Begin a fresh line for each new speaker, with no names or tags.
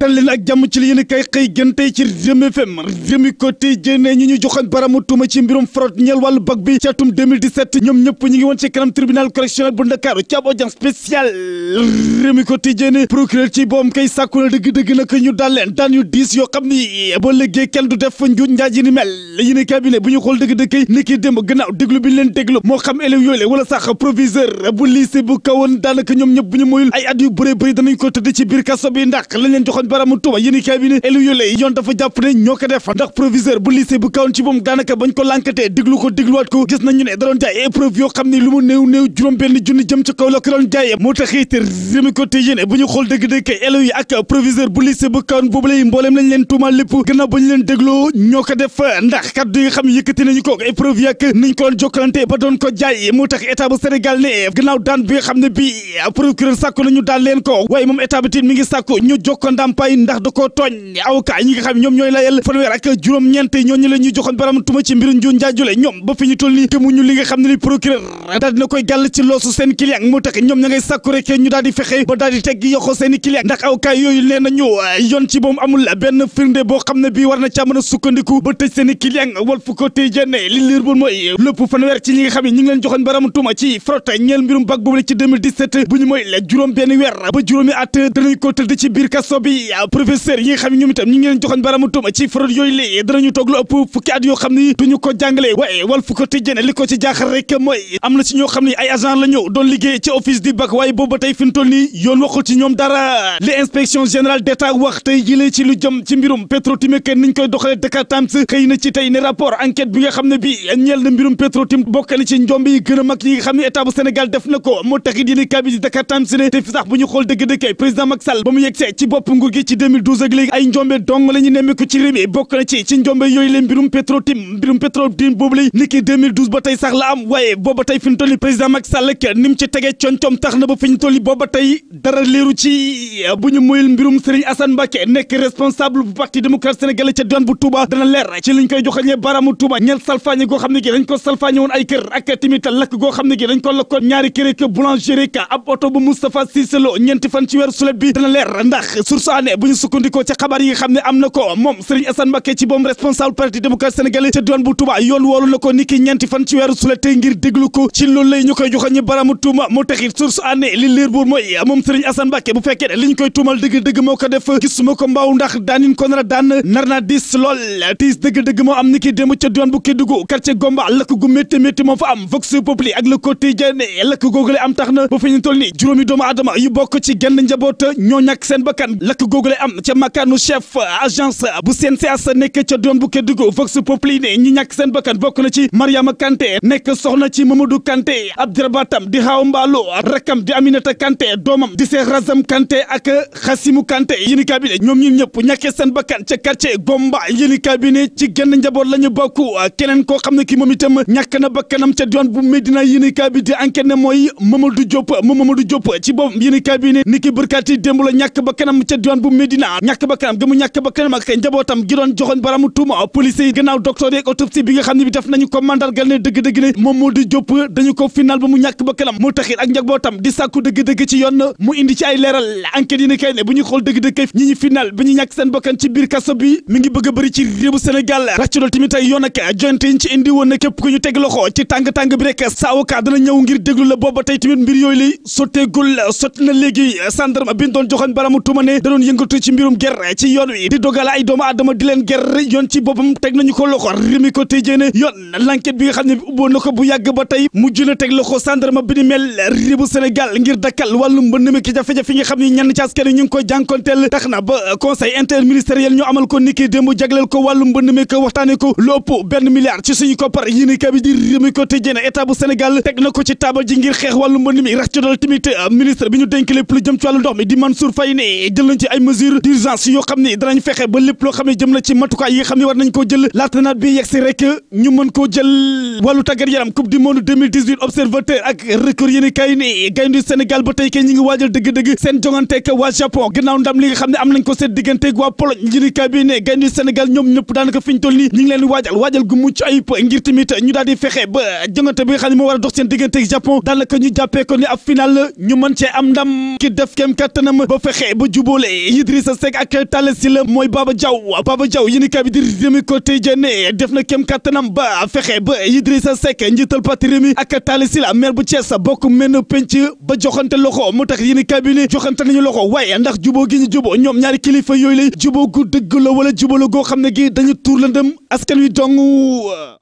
tal leen ak jàmm ci li yéen kay xëy gën tey ci Rewmi FM Rewmi Quotidien ñi ñu joxoon baramu tuuma ci mbirum fraude ñeel wàllu bag bi ci atum ñoom ñëpp ñu ngi woon ci yu diis yoo xam ni ba léegi kenn du def njuuj yi ni ñu xool moo xam élèves yooyu wala sax proviseur bu lycée tëdd ci biir kaso bi ndax lañ leen joxoon baramu tuba yéen kay bi ne élu yu lay yoon dafa jàpp ne ñoo ko def ndax proviseur bu lycée bu kawoon ci ne da kaw ñu nañu ne daan daal leen ko waaye moom état bi tamit mi ngi sàkku jokko ndàmp pay ndax da koo tooñ avocat yi nga xam ñoom ñooy layal fanweer ak juróom-ñeent ñoo la ñuy joxoon baram tuma ci mbirum njuuj njaajule ñoom ba fi ñu toll nii gëmuñu li nga xam ne li procureur daal dina koy euh, bii war na a sukkandiku ba tëj seen client wal fu ko tey jénne li liir bon mooy euh, lépp fanweer ci li nga xam ne ñi ngi leen joxoon baram tuma ci frotte ñeel mbirum bag boobu ci 2017 bu ñu mooy la euh, juróom benn weer ba juróomi at danañ ko tëdd ci biir kaso bi yaa ah, professeur yi nga xam ne ñoom itam ñi ngi leen toog lu ëpp fukki at yoo xam ne duñu ko jàngale waaye wal fu ko tijjene li ko ci jaaxal rek mooy am na xam ne ay agent la ñëw doon liggéey ci office di bac waaye booba tey fi mu yoon waxul ci ñoom dara li inspection générale d'état wax tey jëlee ci lu jëm ci mbirum Petrotim kenn niñ koy doxalee Dakar Times xëy na ci tey ne rapport enquête bi nga xam ne bi ñeel na mbirum Petrotim bokk na ci njomb yi gën a mag yi nga xam ne état bu Sénégal def na gi ci 2012 ak léegi ay njombe dong la ñu ci réew bokk na ci ci njombe yooyu mbirum Petro-Tim mbirum Petro-Tim boobu lay ni ki 2012 ba tey sax am waaye booba tey fi ñu président Macky Sall ak ni ci tegee coñcoom tax na ba fi ñu booba tey dara leeru ci eh, bu ñu muyul mbirum Serigne Assane Mbacké nekk responsable bu parti démocrate sénégalais ca diwaan bu Touba dana leer ci liñ koy joxañee baramu Touba ñel salfaañe goo xam xam ne gi dañ ne bu ñu sukkandikoo ci xabaar yi nga xam ne am na ko moom Serigne Assane Mbacké ci boom responsable parti démocratique sénégalais ca bu Touba yoon woolu na ko niki ñeenti fan ci weeru sule tey ngir déglu ko ci loolu lay ñu koy joxe ñi baramu tuuma mu taxit source ànd li liir buur mooy moom Serigne Assane Mbacké bu fekkee li ñu koy tuumal dëgg-dëgg moo ko def gisuma ko mbaaw ndax daanin ko nar daan nar naa diis lool tiis dëgg-dëgg moo am niki démb ca googu lay am ca makkaanu chef agence bu CNCS nekk ca doon bu Kédougou Vox Populi ne ñi ñàkk seen bakkan bokk na ci Mariama Kanté nekk soxna ci Mamadou Kanté ab jarbaatam di xaaw mbaalo rakkam di Aminata Kanté doomam di Seex Razam Kanté ak Xasimu Kanté yéen i ñoom ñi ñëpp ñàkkee seen bakkan ca quartier Gomba yéen i cabinet ci genn njaboot la ñu bokku keneen koo xam ne ki moom itam ñàkk na bakkanam ca doon bu Médina yéen i cabinet di enquête ne mooy Mamadou Diop moom Mamadou Diop ci boppam yéen i cabinet ni ki bërkaat la ñàkk bakkanam ca doon bu Médina ñàkk bakkanam gëmu ñàkk bakkanam ak njabootam gi doon joxoon baramu tuuma police yi gannaaw docteur yeeg bi nga xam ne bi def nañu ko mandargal ne dëgg-dëgg ne moom moo di Diop dañu ko final ba mu ñàkk bakkanam mu taxit ak njabootam di sàkku dëgg-dëgg ci yoon mu indi ci ay leeral enquête kay ne bu ñu xool dëgg-dëgg kay ñi final bi ñu ñàkk seen bakkan ci biir kaso bi mi ngi bëgg a bëri ci réewu Sénégal ràcc lool tamit ay yoon ak jointe yi ñu ci indi woon na képp ku ñu teg loxo ci tàng-tàng bi rek sa avocat yëngatu ci mbirum ger ci yoon wi di dogale ay doomu aadama di leen ger yoon ci boppam teg nañu ko loxo Rewmi Quotidien yoon l'enquête bi nga ngir dakkal wàllum mbënd mi jafe-jafe nga xam ne ñenn ci askan wi ñu ngi koy jànkonteel na ba conseil interministériel ñu amal ko niki démb jagleel ko wàllum mbënd mi waxtaane ko lu ëpp benn milliard ci suñu koppar yi ni kabi di Rewmi Quotidien état bu Sénégal teg na ko ci taabal ji ngir xeex wàllum mbënd mi ci dool tamit ministre bi ñu dénk lépp lu ci wàllu ndox di Mansour Faye ne jël nañ ci ay ay mesures d'urgence yoo xam ne danañ fexe ba lépp loo xam ne jëm na ci matukaay yi ne war nañ koo jël laata naat bi yegsi rek ñu mën koo jël wàllu tàggat yaram coupe du monde 2018 observateur ak record yéen kay ni gayndu Sénégal ba tey kay ñu ngi waajal dëgg-dëgg seen jonganteek waa Japon ginnaaw ndam li nga xam ne am nañ ko seen digganteeg waa Pologne yéen kay bi ne ñoom ñëpp daanaka fi ñu toll nii leen waajal waajal gu mucc ayib ngir tamit ñu daal di fexe ba jongante bi nga xam ne a dox seen digganteeg Japon daanaka ñu jàppee ko ni ab final ñu mën ba fexe ba jubóole Idrissa Seck ak Talla Sylla mooy Baba Diaw Baba Diaw yéen kaay bi di Rewmi Quotidien def na kem kattanam ba fexe ba Idrissa Seck njiital parti Rewmi ak Talla Sylla maire bu Thiès bokk menn penc ba joxante loxo mu tax yéen kaay bi ni joxante nañu loxo waaye ndax juboo gi ñu juboo ñoom ñaari kilifa yooyu la juboo gu dëgg la wala juboo la goo xam ne gi dañu tuur la ndëm askan wi dong